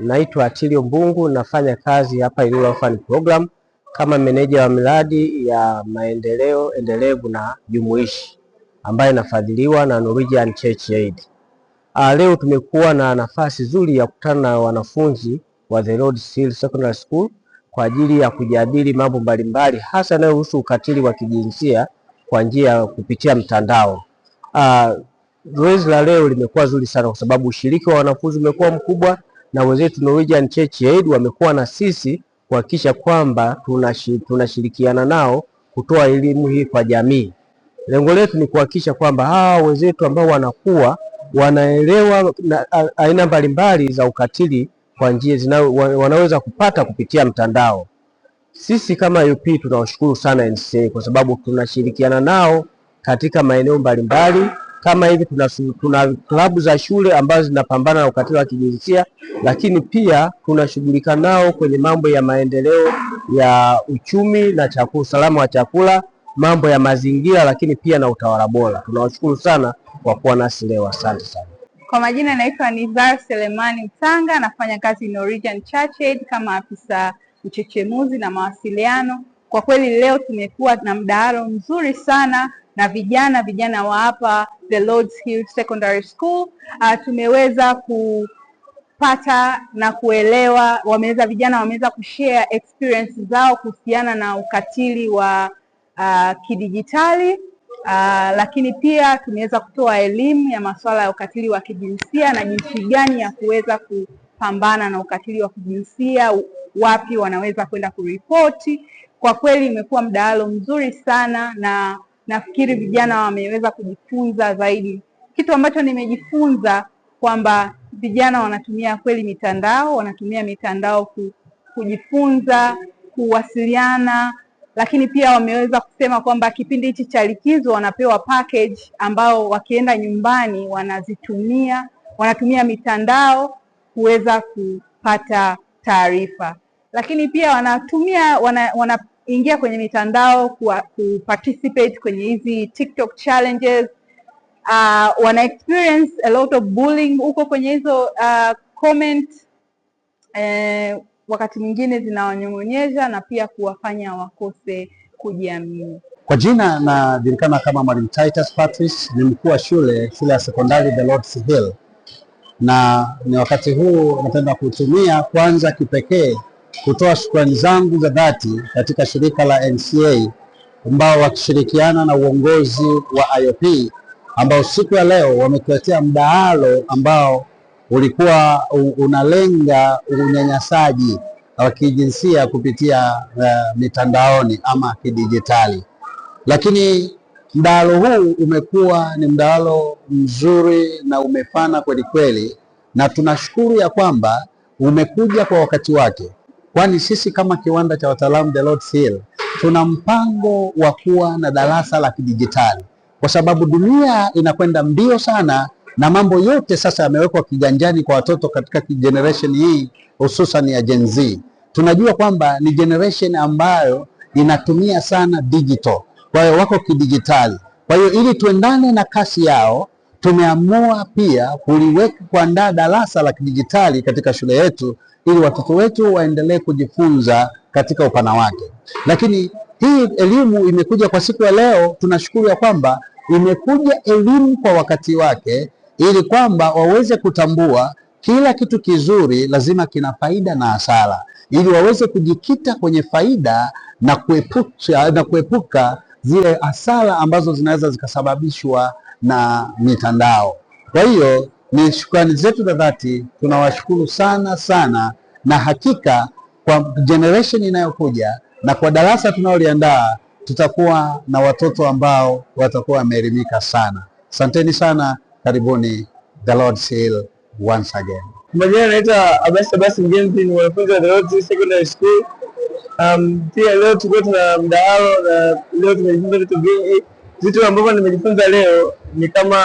Naitwa Atilio Mbungu, nafanya kazi hapa Ilula Orphan Program kama meneja wa miradi ya maendeleo endelevu na jumuishi ambayo inafadhiliwa na Norwegian Church Aid. Ah, leo tumekuwa na nafasi nzuri ya kukutana na wanafunzi wa The Lord's Hill Secondary School kwa ajili ya kujadili mambo mbalimbali hasa yanayohusu ukatili wa kijinsia kwa njia ya kupitia mtandao. Ah, zoezi la leo limekuwa zuri sana kwa sababu ushiriki wa wanafunzi umekuwa mkubwa na wenzetu Norwegian Church Aid wamekuwa na sisi kuhakikisha kwamba tunashirikiana nao kutoa elimu hii kwa jamii. Lengo letu ni kuhakikisha kwamba hawa wenzetu ambao wanakuwa wanaelewa aina mbalimbali za ukatili kwa njia zinazo wanaweza kupata kupitia mtandao. Sisi kama UP tunawashukuru sana NCA kwa sababu tunashirikiana nao katika maeneo mbalimbali. Kama hivi tuna, tuna klabu za shule ambazo zinapambana na ukatili wa kijinsia, lakini pia tunashughulika nao kwenye mambo ya maendeleo ya uchumi na chakula, usalama wa chakula, mambo ya mazingira, lakini pia na utawala bora. Tunawashukuru sana kwa kuwa nasi leo, asante sana. Kwa majina naitwa Nizar Selemani Mtanga, nafanya kazi Norwegian Church Aid kama afisa uchechemuzi na mawasiliano. Kwa kweli leo tumekuwa na mdahalo mzuri sana na vijana vijana wa hapa the Lord's Hill Secondary School. Uh, tumeweza kupata na kuelewa, wameweza vijana wameweza kushare experience zao kuhusiana na ukatili wa uh, kidijitali. Uh, lakini pia tumeweza kutoa elimu ya masuala ya ukatili wa kijinsia na jinsi gani ya kuweza kupambana na ukatili wa kijinsia, wapi wanaweza kwenda kuripoti. Kwa kweli imekuwa mdahalo mzuri sana na nafikiri vijana wameweza kujifunza zaidi. Kitu ambacho nimejifunza kwamba vijana wanatumia kweli mitandao, wanatumia mitandao kujifunza, kuwasiliana, lakini pia wameweza kusema kwamba kipindi hichi cha likizo wanapewa package ambao wakienda nyumbani wanazitumia, wanatumia mitandao kuweza kupata taarifa, lakini pia wanatumia wana, wana ingia kwenye mitandao kuwa, kuparticipate kwenye hizi TikTok challenges uh, wana experience a lot of bullying huko kwenye hizo uh, comment eh, wakati mwingine zinawanyong'onyeza na pia kuwafanya wakose kujiamini. Kwa jina najulikana kama Mwalimu Titus Patrice, ni mkuu wa shule shule ya sekondari The Lord's Hill, na ni wakati huu napenda kutumia kwanza kipekee kutoa shukrani zangu za dhati katika shirika la NCA ambao wakishirikiana na uongozi wa IOP ambao siku ya leo wametuletea mdahalo ambao ulikuwa unalenga unyanyasaji wa kijinsia kupitia uh, mitandaoni ama kidijitali. Lakini mdahalo huu umekuwa ni mdahalo mzuri na umefana kweli kweli, na tunashukuru ya kwamba umekuja kwa wakati wake kwani sisi kama kiwanda cha wataalamu The Lord's Hill tuna mpango wa kuwa na darasa la kidijitali, kwa sababu dunia inakwenda mbio sana na mambo yote sasa yamewekwa kiganjani kwa watoto katika generation hii hususan ya Gen Z. Tunajua kwamba ni generation ambayo inatumia sana digital, kwa hiyo wako kidijitali. Kwa hiyo ili tuendane na kasi yao tumeamua pia kuliweka kuandaa darasa la kidijitali katika shule yetu ili watoto wetu waendelee kujifunza katika upana wake. Lakini hii elimu imekuja kwa siku ya leo, tunashukuru ya kwamba imekuja elimu kwa wakati wake, ili kwamba waweze kutambua kila kitu kizuri lazima kina faida na hasara, ili waweze kujikita kwenye faida na kuepuka, na kuepuka zile hasara ambazo zinaweza zikasababishwa na mitandao. Kwa hiyo ni shukrani zetu za dhati, tunawashukuru sana sana, na hakika kwa generation inayokuja na kwa darasa tunaloliandaa tutakuwa na watoto ambao watakuwa wameelimika sana. Asanteni sana, karibuni. The Lord's Hill once again. Majina naitwa Abasi Abasi Mgenzi, ni mwanafunzi wa The Lord's Hill Secondary School. Um, pia leo tuko tuna mdahalo na leo tumejifunza vitu vingi vitu ambavyo nimejifunza leo ni kama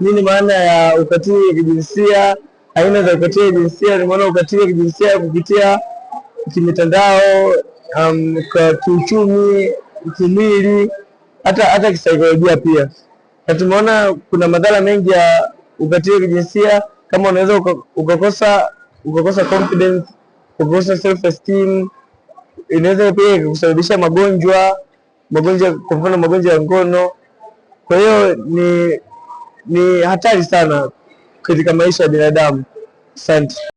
nini maana ya ukatili wa kijinsia, aina za ukatili wa kijinsia, ni maana ukatili wa kijinsia kupitia kimitandao, um, kwa kiuchumi, kimwili, hata hata kisaikolojia pia, na tumeona kuna madhara mengi ya ukatili wa kijinsia kama unaweza ukakosa ukakosa confidence, ukakosa self esteem, inaweza pia kusababisha magonjwa magonjwa, kwa mfano magonjwa ya ngono. Kwa hiyo ni, ni hatari sana katika maisha ya binadamu. Asante.